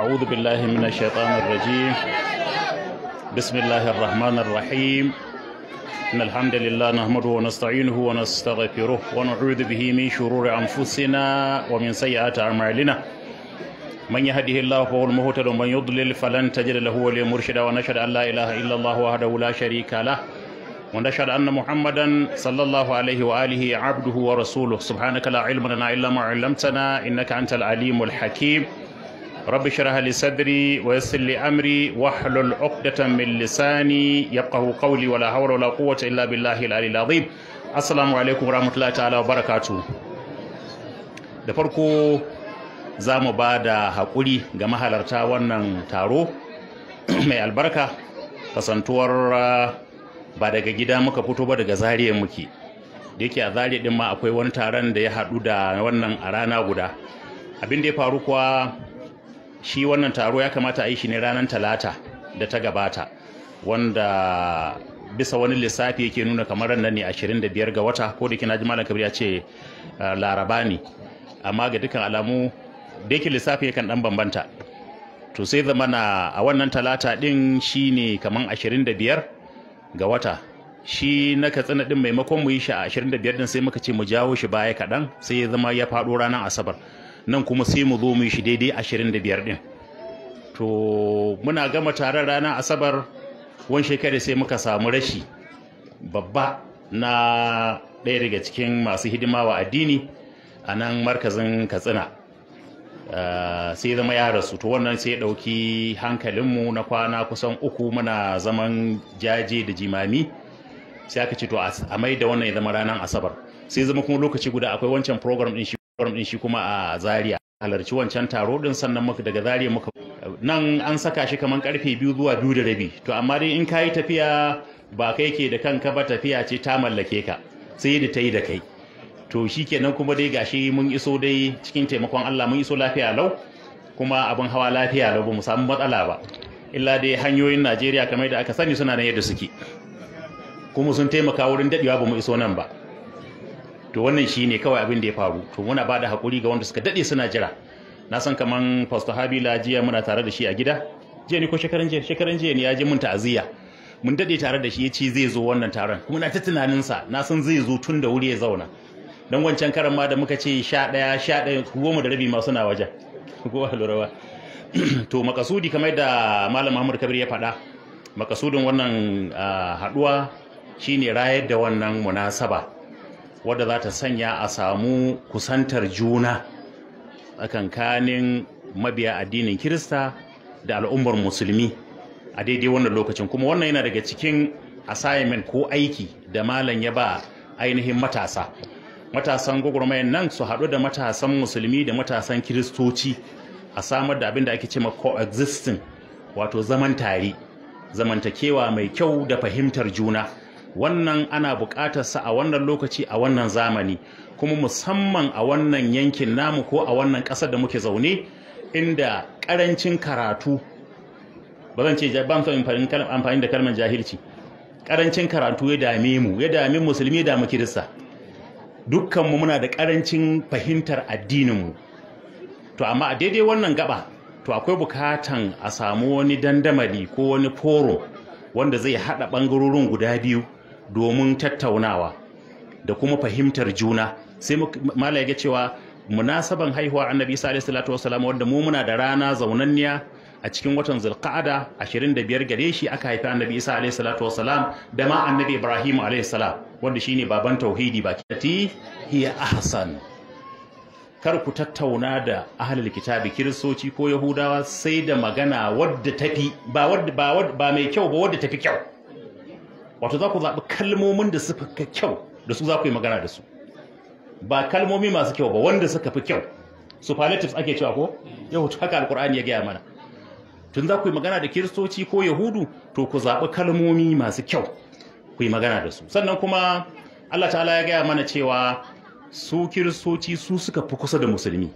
أعوذ بالله من الشيطان الرجيم بسم الله الرحمن الرحيم إن الحمد لله نحمده ونستعينه ونستغفره ونعوذ به من شرور أنفسنا ومن سيئات أعمالنا من يهده الله فهو المهتد ومن يضلل فلن تجد له وليا مرشدا ونشهد أن لا إله إلا الله وحده لا شريك له ونشهد أن محمدا صلى الله عليه وآله عبده ورسوله سبحانك لا علم لنا إلا ما علمتنا إنك أنت العليم الحكيم رب اشرح لي صدري ويسر لي امري واحلل عقدة من لساني يفقه قولي ولا حول ولا قوة الا بالله العلي العظيم assalamu alaikum rahmatullahi wa barakatu da farko za mu ba da haƙuri ga mahalarta wannan taro mai albarka kasantuwar ah, ba daga gida muka fito ba daga zariya muke da yake a zariya ma akwai wani taron da ya haɗu da wannan a rana guda abin da ya faru kuwa shi wannan taro ya kamata a yi shi ne ranar talata da ta gabata wanda bisa wani lissafi yake nuna kamar nan ne 25 ga wata ko da kina ji malam kabir ya ce eh, laraba ne amma ga dukkan alamu da yake lissafi yakan dan bambanta to sai zama na a wannan talata din shi ne kaman 25 ga wata shi na katsina din maimakon mu yi shi a 25 din sai muka ce mu jawo shi baya kaɗan sai ya zama ya faɗo ranar asabar nan kuma sai mu zo mu yi shi daidai ashirin da biyar ɗin to muna gama taron ranar asabar wani shekara sai muka samu rashi babba na ɗaya daga cikin masu hidima wa addini a nan markazin katsina ah, sai zama ya rasu to wannan sai ɗauki hankalinmu na kwana kusan uku muna zaman jaje da jimami sai aka ce to a mai da wannan ya zama ranar asabar sai zama kuma lokaci guda akwai wancan program ɗin shi forum din shi kuma a Zaria halarci wancan taro din sannan muka daga Zaria muka nan an saka shi kaman karfe biyu zuwa biyu da rabi to amma dai in kayi tafiya ba kai ke da kanka ba tafiya ce ta mallake ka sai da ta yi da kai to shi kenan kuma dai gashi mun iso dai cikin taimakon Allah mun iso lafiya lau kuma abin hawa lafiya lau ba mu samu matsala ba illa dai hanyoyin Najeriya kamar da aka sani suna nan yadda suke kuma sun taimaka wurin dadewa ba mu iso nan ba to wannan shi ne kawai abin da ya faru to muna ba da hakuri ga wanda suka daɗe suna jira na san kaman pastor habila jiya muna tare da shi a gida jiya ne ko shekaran jiya shekaran jiya ne ya je mun ta'aziyya mun daɗe tare da shi yace zai zo wannan taron kuma na ta tunanin sa na san zai zo tun da wuri ya zauna dan wancan karan ma da muka ce 11 11 goma da rabi ma suna wajen ko lura to makasudi kamar da malam Muhammad Kabir ya faɗa makasudin wannan ah, haɗuwa shine rayar da wannan munasaba wadda za ta sanya a samu kusantar juna tsakankanin mabiya addinin kirista da al'ummar musulmi a daidai wannan lokacin kuma wannan yana daga cikin assignment ko aiki da malam ya ba ainihin matasa matasan gwagwarmayan nan su haɗu da matasan musulmi da matasan kiristoci a samar da abin da ake cema coexisting wato zaman tare zamantakewa mai kyau da fahimtar juna wannan ana buƙatar sa a wannan lokaci a wannan zamani kuma musamman a wannan yankin namu ko a wannan ƙasar da muke zaune inda ƙarancin karatu ba zan ce ban amfani da kalmar jahilci ƙarancin karatu ya dame mu ya dame musulmi ya dame kirista dukkanmu muna da ƙarancin fahimtar addininmu to amma a daidai wannan gaba to akwai bukatan a samu wani dandamali ko wani foro wanda zai haɗa ɓangarorin guda biyu domin tattaunawa da kuma fahimtar juna sai malaya ya cewa munasaban haihuwa annabi isa alaihi salatu wasalam wanda mu muna da rana zaunanniya a cikin watan zulqa'ada 25 gare shi aka haifi annabi isa alaihi salatu wasalam da ma annabi ibrahim alaihi salam wanda shine baban tauhidi ba kiti hiya ahsan kar ku tattauna da ahlul kitabi kiristoci ko yahudawa sai da magana wadda tafi ba wadda ba mai kyau ba wadda tafi kyau wato za ku zaɓi kalmomin da suka fi kyau da su za ku yi magana da su ba kalmomi masu kyau ba wanda suka fi kyau superlatives ake cewa ko yau haka alkur'ani ya gaya mana tun za ku yi magana da kiristoci ko yahudu to ku zaɓi kalmomi masu kyau ku yi magana da su sannan kuma allah ta'ala ya gaya mana cewa su kiristoci su suka fi kusa da musulmi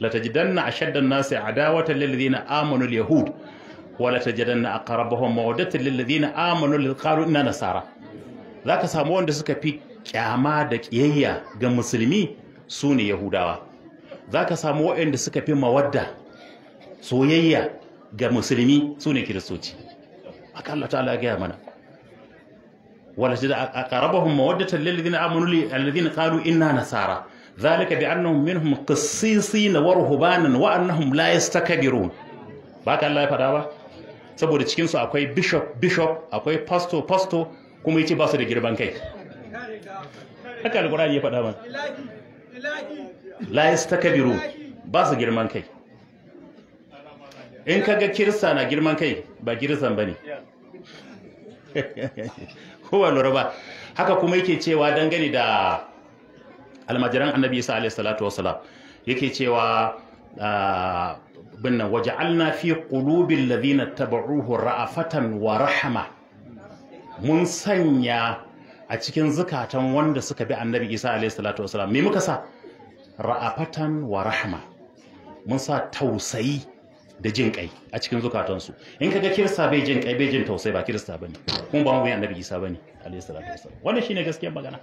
latajidanna ashaddan nasi adawatan lil ladina amanu al yahud wala tajidanna aqrabahum mawaddatan lil ladina amanu lil qalu inna nasara zaka samu wanda suka fi kyama da kiyayya ga musulmi su ne yahudawa zaka samu wanda suka fi mawadda soyayya ga musulmi su ne kiristoci haka Allah ta'ala gaya mana wala tajida aqrabahum mawaddatan lil na amanu lil ladina qalu inna nasara ذلك بأنهم منهم annahum ورهبانا وأنهم لا يستكبرون باك الله يفدا saboda cikinsu akwai bishop bishop akwai pastor pastor kuma yace ba su da girman kai haka alqur'ani ya faɗa mana la yastakbiru ba su girman kai in kaga kirsa na girman kai ba kirsan bane kowa lura ba haka kuma yake cewa dangane da almajiran annabi isa alaihi salatu wasalam yake cewa ah, binnan na fi ƙulubin lalina tabauhu ra'afatan wa rahama mun sanya a cikin zukatan wanda suka bi annabi Isa alaihi salatu wasalam me muka sa ra'afatan wa rahama mun sa tausayi da jin kai a cikin zukatansu in kaga kirista bai jin kai bai jin tausayi ba kirista bane kuma ba mu bai annabi Isa bane alaihi salatu wasallam wannan shine gaskiyar magana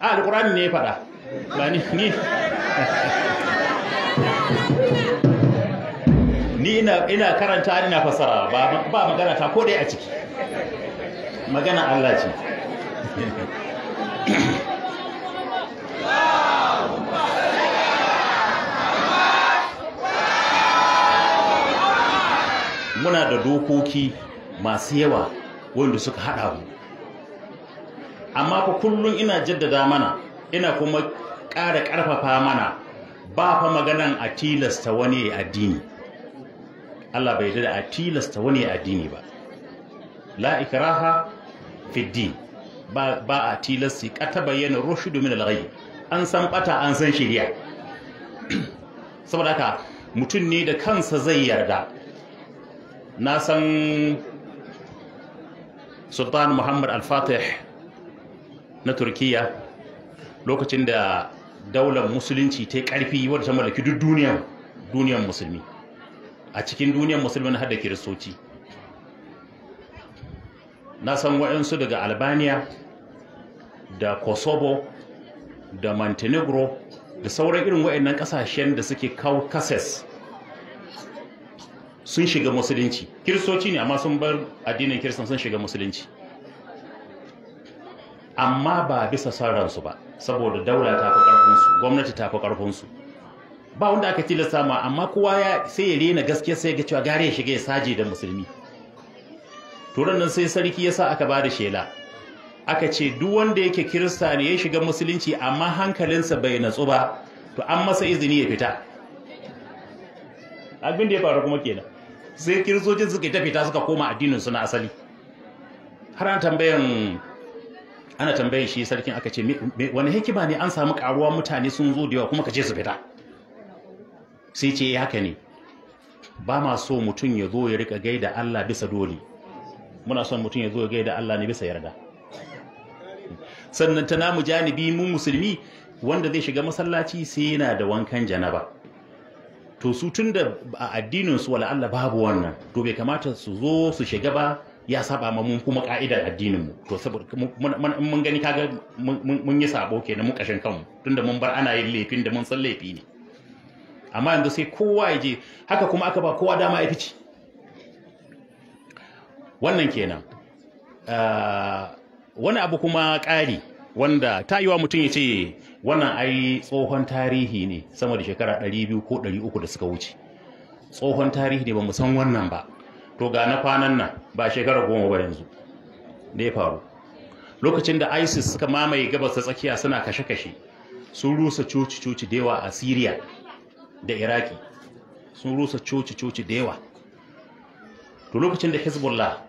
a alƙur'ani ne ya faɗa ba ni ni ina karanta ina fasara ba ba magana ta ko dai a ciki magana Allah ce muna da dokoki masu yawa wanda suka haɗa mu amma fa kullum ina jaddada mana ina kuma ƙara ƙarfafa mana ba fa maganan a tilasta wani addini Allah bai da a tilasta wani addini ba la ikraha fi din ba a tilasta kata bayyana rushdu min al-ghayb an san bata an san shari'a saboda haka mutum ne da kansa zai yarda na san sultan muhammad al-fatih na turkiya lokacin da daular musulunci ta yi ƙarfi wadda ta mallaki duk duniyan musulmi a cikin duniyar musulmi har da kiristoci na san waɗansu daga albania da kosovo da montenegro da sauran irin waɗannan ƙasashen da suke kawo kases sun shiga musulunci kiristoci ne amma sun bar addinin kiristan sun shiga musulunci amma ba bisa son ransu ba saboda daula ta fi ƙarfinsu gwamnati ta fi ƙarfinsu ba wanda aka tilasta ma amma kowa ya sai ya rena gaskiya sai ga cewa gare ya shiga ya saje da musulmi turan nan sai sarki ya sa aka bada shela aka ce duk wanda yake kirista ne ya shiga musulunci amma hankalinsa bai natsu ba to an masa izini ya fita abin da ya faru kuma kenan sai kiristocin suka ta fita suka koma addinin su na asali har an tambayan ana tambayan shi sarkin aka ce wani hikima ne an samu karuwa mutane sun zo da yawa kuma ka ce su fita sai ce ya eh, haka ne ba ma so mutum ya zo ya rika gaida Allah bisa dole muna son mutum ya zo ya gaida Allah ne bisa yarda sannan ta namu janibi mu musulmi wanda zai shiga masallaci sai yana da wankan janaba to su tun da a addinin su wala Allah babu wannan to bai kamata su zo su shiga ba ya saba ma mun kuma ka'idar addinin mu to saboda mun gani kaga mun yi sabo kenan mun kashin kanmu tunda mun bar ana yin laifin da mun san laifi ne amma yanzu sai kowa ya je haka kuma aka ba kowa dama ya fice wannan kenan ah, wani abu kuma ƙari wanda ta yi wa mutum ya ce wannan ai tsohon tarihi ne sama da shekara 200 ko 300 da suka wuce tsohon tarihi ne ba san wannan ba to ga na kwanan nan ba shekara goma ba yanzu da ya faru lokacin da isis suka mamaye gabas ta tsakiya suna kashe-kashe sun rusa coci-coci da yawa a syria da iraki sun rusa coci-coci da yawa to lokacin da hezbollah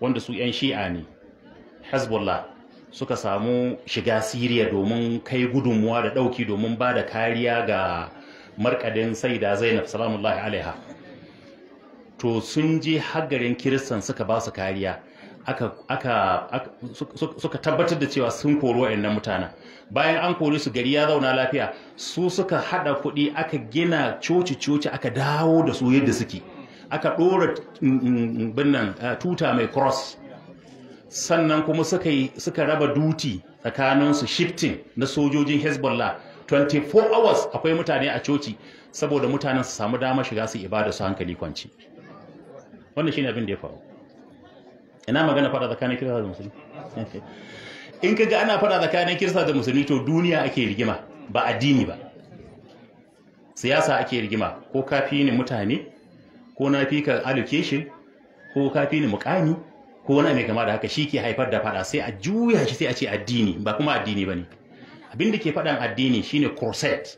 wanda su 'yan shi'a ne hezbollah suka samu shiga siriya domin kai gudunmuwa da ɗauki domin ba da kariya ga markadin saida zainab salamullahi alaiha to sun je haggarin kiristan suka ba su kariya aka suka tabbatar da cewa sun kori wayannan mutanen bayan an kori su gari ya zauna lafiya su suka hada kuɗi aka gina coci coci aka dawo da su yadda suke aka ɗora mm, mm, mm, binnan ah, tuta mai cross sannan kuma suka suka raba duty tsakanin su shifting na sojojin Hezbollah 24 hours akwai mutane a coci saboda mutanen su samu damar shiga su ibada su hankali kwanci wannan shine abin da ya faru ina magana fada tsakanin kirista da musulmi in kaga ana fada tsakanin kirista da musulmi to duniya ake rigima ba addini ba siyasa ake rigima ko kafi ne mutane ko na fi ka allocation ko kafi ne mukami ko wani mai kama da haka shi ke haifar da fada sai a juya shi sai a ce addini ba kuma addini ba ne abin da ke faɗan addini shine corset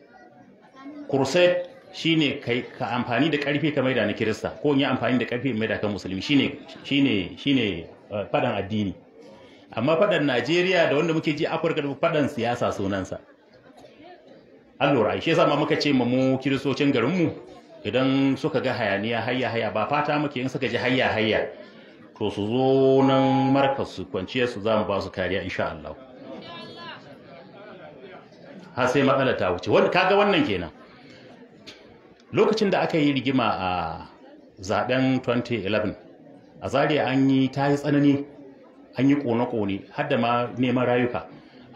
corset shine kai ka amfani da karfe ka maida na kirista ko in yi amfani da karfi maida ka musulmi shine shine shine eh, fadan addini amma fadan Najeriya da wanda muke ji Afirka da fadan siyasa sunansa allura shi yasa ma muka ce mu kiristocin garin mu idan suka ga hayaniya hayya hayya ba fata muke in suka ji hayya hayya to su zo nan markas su kwanciyar su za mu ba su kariya insha Allah har sai matsala ta wuce kaga wannan kenan lokacin da aka yi rigima a zaɓen 2011 a zaria an yi ta yi tsanani an yi kone-kone har ma neman rayuka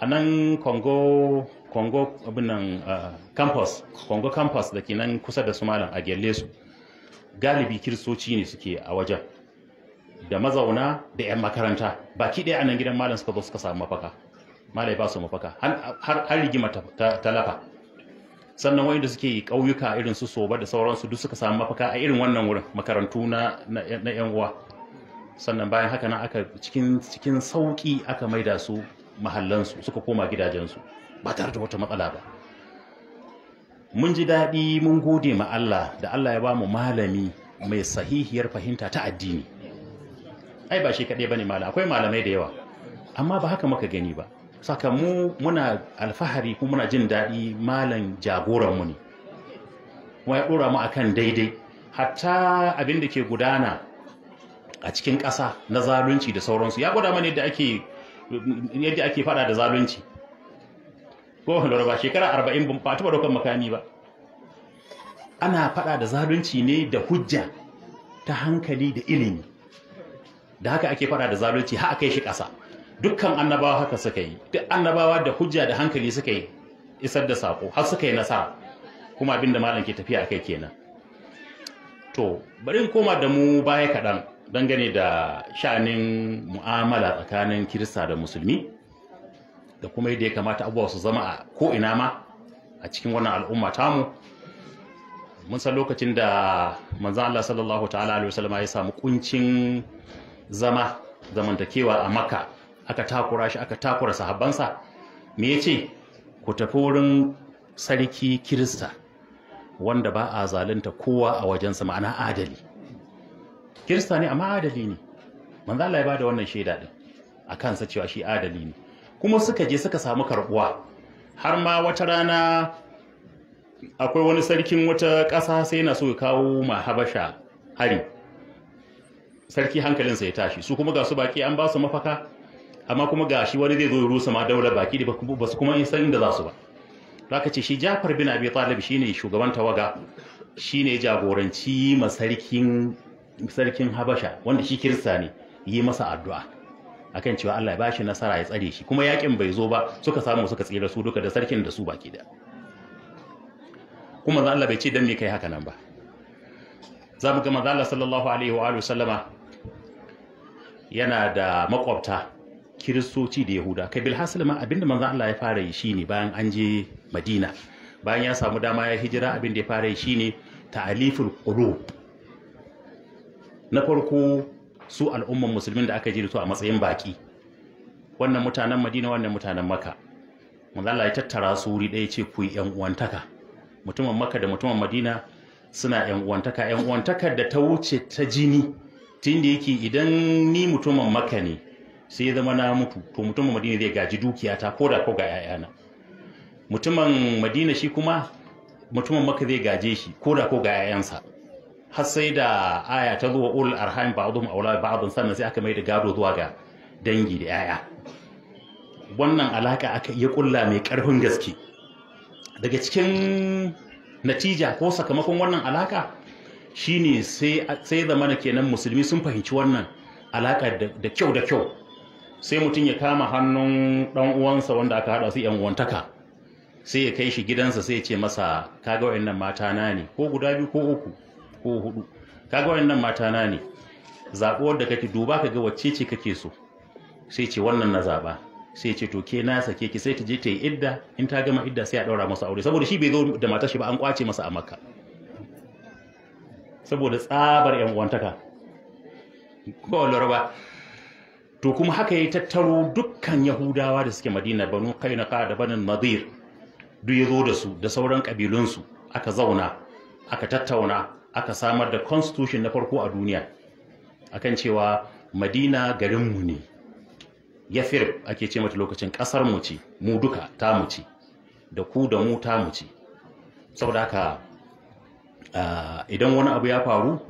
a nan congo uh, campus da ke nan kusa da su malam a gyalle su galibi kiristoci ne suke a wajen da mazauna da 'yan makaranta baki ɗaya a nan gidan malam suka zo suka samu mafaka malai ba su mafaka har rigima ta lafa. sannan wanda suke ƙauyuka irin su soba da sauransu duk suka samu mafaka a irin wannan wurin makarantu na yan uwa sannan bayan haka nan aka cikin cikin sauki aka maida su mahallansu suka koma gidajensu ba tare da wata matsala ba mun ji daɗi mun gode ma Allah da Allah ya ba mu malami mai sahihiyar fahimta ta addini ai ba shi kaɗai ba ne malam akwai malamai da yawa amma ba haka muka gani ba saka mu muna alfahari kuma muna jin daɗi malam jagoranmu ne kuma ya ɗora mu akan daidai hatta abin da ke gudana a cikin ƙasa na zalunci da sauransu ya gwada mana yadda ake faɗa da zalunci ko lura ba shekara arba'in ba taɓa ɗaukar makami ba ana faɗa da zalunci ne da hujja ta hankali da ilimi da haka ake faɗa da zalunci har a kai shi ƙasa dukkan annabawa haka suka yi duk annabawa da hujja da hankali suka yi isar da sako har suka yi nasara kuma abinda da malam ke tafiya akai kenan to bari in koma da mu baya kaɗan dangane da sha'anin mu'amala tsakanin kirista da musulmi da kuma yadda ya kamata abubuwa su zama a ko'ina ma a cikin wannan al'umma tamu mun san lokacin da manzan Allah sallallahu ta'ala alaihi wasallam ya samu kuncin zama zamantakewa a makka aka takura shi aka takura sahabbansa me ya ce ku tafi wurin sarki kirista wanda ba a zalunta kowa a wajensa ma'ana adali kirista ne amma adali ne manzo Allah ya bada wannan shaida din akan sa cewa shi adali ne kuma suka je suka samu karbuwa har ma wata rana akwai wani sarkin wata ƙasa sai yana so ya kawo ma habasha hari sarki hankalinsa ya tashi su kuma ga su baki an ba su mafaka amma kuma ga shi wani zai zo ya rusa ma daular baki da ba su kuma san inda za su ba to aka ce shi Jafar bin Abi Talib ne shugaban tawaga Shi ne jagoranci masarkin sarkin Habasha wanda shi kirista ne yi masa addu'a akan cewa Allah ya bashi nasara ya tsare shi kuma yakin bai zo ba suka samu suka tsira su duka da sarkin da su baki da kuma za Allah bai ce dan me kai haka nan ba za mu ga manzo sallallahu alaihi wa sallama yana da makwabta kiristoci da yahuda kai bilhassil ma abinda manzon Allah ya fara yi shine bayan an je madina bayan ya samu dama ya hijira abinda ya fara yi shine ta'aliful qulub na farko su al'umman musulmin da aka ji su a matsayin baki wannan mutanen madina wannan mutanen maka manzon Allah ya tattara su wuri ɗaya ce ku yan uwantaka mutumin maka da mutumin madina suna yan uwantaka yan uwantakar da ta wuce ta jini tun da yake idan ni mutumin maka ne sai ya zama na mutu to mutumin madina zai gaji dukiyata ko da ko ga 'ya'yana mutumin madina shi kuma mutumin maka zai gaje shi ko da ko ga 'ya'yansa har sai da aya ta zuwa ul arham ba'dhum awla ba'dhum sannan sai aka mai da gado zuwa ga dangi da 'ya'ya wannan alaka aka iya kulla mai karfin gaske daga cikin natija ko sakamakon wannan alaka shine sai sai zamana kenan musulmi sun fahimci wannan alaka da kyau da kyau sai mutum ya kama hannun ɗan uwansa wanda aka haɗa su yan uwantaka sai ya kai shi gidansa sai ya ce masa kaga wayannan mata na ne ko guda biyu ko uku ko hudu kaga wayannan mata na ne zabo wanda kake duba ka ga wacce ce kake so sai ce wannan na zaɓa. sai ce to ke na sake ki sai ta je ta yi idda in ta gama idda sai a ɗaura masa aure saboda shi bai zo da matar shi ba an kwace masa a makka saboda tsabar yan uwantaka ko lura to kuma haka ya tattaro dukkan yahudawa da suke madina banu kainaka da banin nadir duk ya zo da su da sauran kabilunsu aka zauna aka tattauna aka samar da constitution na farko a duniya akan cewa madina garinmu ne Ya yafir ake ce mata lokacin kasar mu ce mu duka ta mu ce da ku da mu ta mu ce saboda haka ah, idan wani abu ya faru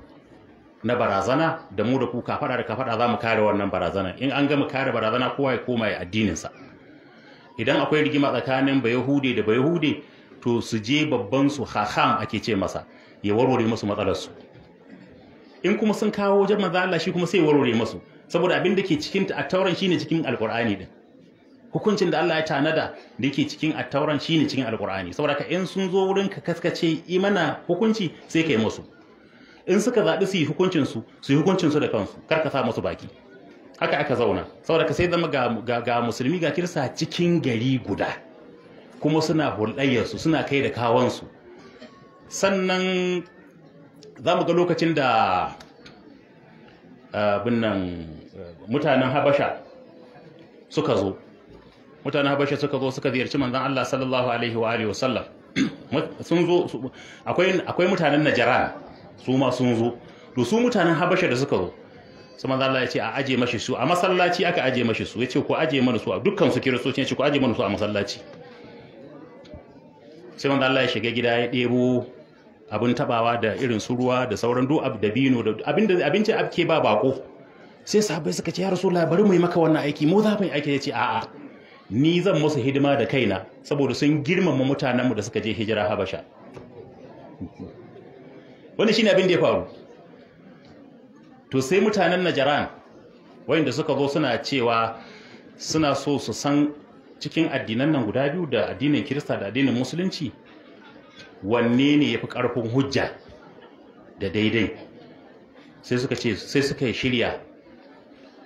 na barazana da mu da ku kafaɗa da kafada za mu kare wannan barazana in an gama kare barazana kowa ya koma ya addininsa idan akwai rigima tsakanin bayahude da bayahude to su je babban su haham ake ce masa ya warware musu matsalar su in kuma sun kawo wajen manzo Allah shi kuma sai ya warware musu saboda abin da ke cikin attauran shine cikin alqur'ani din hukuncin da Allah ya tanada da yake cikin attauran shine cikin alqur'ani saboda ka in sun zo wurin ka kaskace imana hukunci sai kai musu in suka zaɓi su yi hukuncin su su yi hukuncin su da kansu kar ka sa musu baki haka aka zauna saboda ka sai zama ga musulmi ga kirsa cikin gari guda kuma suna su suna kai da kawansu sannan za mu ga lokacin da eh, binnan eh, mutanen habasha suka zo mutanen habasha suka zo suka ziyarci manzan Allah sallallahu alaihi wa alihi sun zo akwai mutanen najaran su ma sun zo to su mutanen habasha da suka zo su manzo Allah ya ce a aje mashi su a masallaci aka aje mashi su yace ko aje mana su a dukkan su kiristoci ce ko aje mana su a masallaci sai manzo Allah ya shiga gida ya debo abin tabawa da irin su ruwa da sauran duk da bino da abin abinci ake ba bako sai sahabbai suka ce ya rasulullahi bari mu yi maka wannan aiki mu za mu yi aiki ya ce a'a ni zan musu hidima da kaina saboda sun girmama mutanenmu da suka je hijira habasha Wani shi ne abin da ya faru to sai mutanen najaran wayanda suka zo suna cewa suna so su san cikin addinan nan guda biyu da addinin kirista da addinin musulunci wanne ne ya fi ƙarfin hujja da daidai sai suka ce sai suka shirya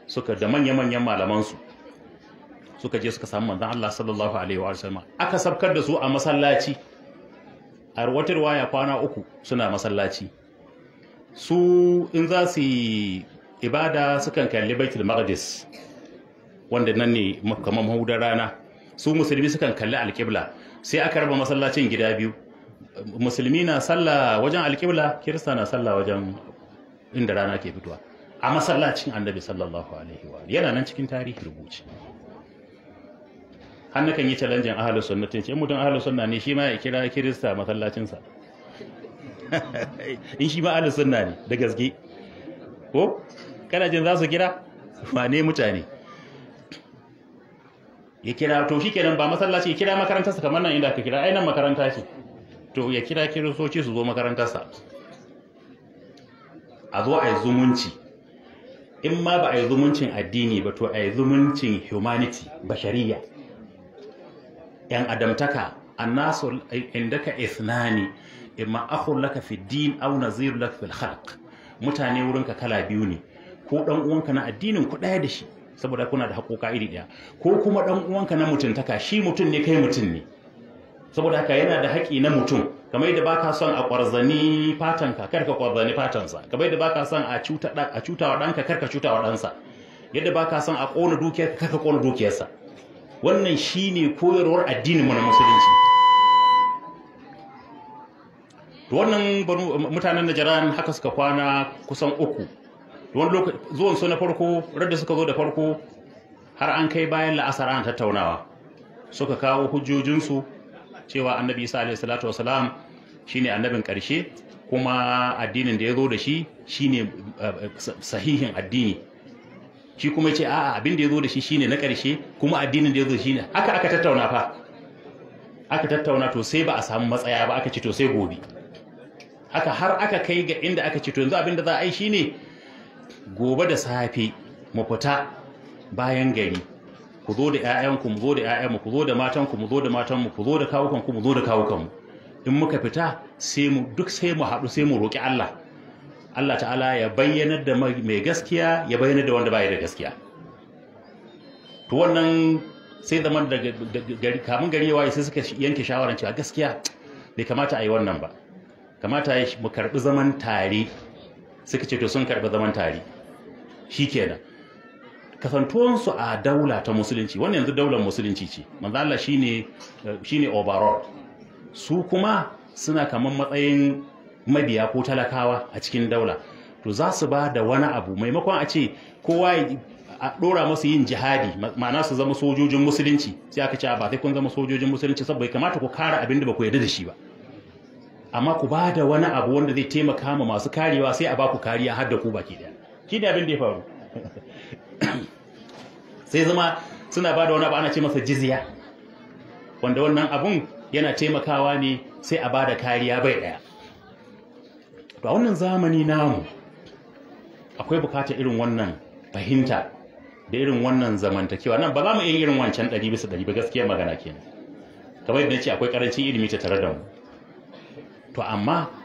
suka da manya-manyan malamansu suka je suka samu manzan Allah sallallahu alaihi wa aka sabkar da su a masallaci a wata ya kwana uku suna masallaci su in za su yi ibada sukan kalli baitul maqdis wanda nan ne kamar mahudar rana su musulmi sukan kalli alƙibla sai aka raba masallacin gida biyu musulmi na sallah wajen alƙibla kirista na salla wajen inda rana ke fitowa a masallacin annabi sallallahu alaihi wa yana nan cikin tarihi rubuci har kan yi challenge ahalus sunnatin ce mutum ahalus sunna ne shi ma ya kira kirista masallacin sa in shi ma ahalus sunna ne da gaske ko kana jin za su kira wane mutane ya kira to shi kenan ba masallaci ya kira makarantarsa kamar nan inda ka kira ainihin makaranta ce to ya kira kiristoci su zo makarantarsa a zo a yi zumunci in ma ba a yi zumuncin addini ba to a yi zumuncin humanity bashariya 'yan adamtaka annasu indaka ithnani imma akhun laka fi din aw nazir laka fil khalq mutane wurinka kala biyu ne ko dan uwanka na addinin ku daya da shi saboda kuna da haƙoƙa iri daya ko kuma dan uwanka na mutuntaka shi mutum ne kai mutum ne saboda haka yana da haƙi na mutum kamar yadda baka son a ƙwarzani fatanka kar ka ƙwarzani fatansa kamar yadda baka son a cuta a cuta wa danka kar ka cuta wa dansa yadda baka son a kona ka, kar ka kona dukiyarsa wannan shine koyarwar addinin mu na musulunci to wannan mutanen Najran haka suka kwana kusan uku wani lokaci zuwan su na farko radda suka zo da farko har an kai bayan la'asar an tattaunawa suka kawo hujjojinsu cewa annabi isa alaihi salatu wasalam shine annabin karshe kuma addinin da ya zo da shi shine eh, eh, sahihin addini shi kuma ce a'a abin da ya zo da shi shine na ƙarshe kuma addinin da ya zo da ne. haka aka tattauna fa aka tattauna to sai ba a samu matsaya ba aka ce to sai gobe haka har aka kai ga inda aka ce to yanzu abin da za a yi shine gobe da safe mu fita bayan gari ku zo da 'ya'yanku mu zo da 'ya'yanmu ku zo da matanku mu zo da matanmu ku zo da kawukanku mu zo da kawukanmu in muka fita sai mu duk sai mu haɗu sai mu roƙi Allah Allah ta'ala ya bayyanar da mai gaskiya ya bayyanar da wanda baya da gaskiya to wannan sai zaman da gari kamun gari waye sai suka yanke shawaran cewa gaskiya bai kamata a yi wannan ba kamata ya mu karbi zaman tare suka ce to sun karbi zaman tare shikenan kasantuwansu a daula ta musulunci wannan yanzu daular musulunci ce manzo Allah shine shine overall su kuma suna kaman matsayin mabiya ko talakawa a cikin daula to za su ba da wani abu maimakon a ce kowa a ɗora masu yin jihadi ma'ana su zama sojojin musulunci sai aka ce ba sai kun zama sojojin musulunci saboda kamata ku kare abin da ba ku yarda da shi ba amma ku ba da wani abu wanda zai taimaka ma masu karewa sai a ba ku kariya har da ku baki daya ki ne abin da ya faru sai zama suna ba da wani abu ana ce masa jizya wanda wannan abun yana taimakawa ne sai a ba da kariya bai daya to a wannan zamani namu akwai bukatar irin wannan fahimta da irin wannan zamantakewa nan ba za mu iya irin wancan ɗari bisa ɗari ba gaskiya magana kenan kamar yadda ce akwai ƙarancin ilimi ta tare da mu to amma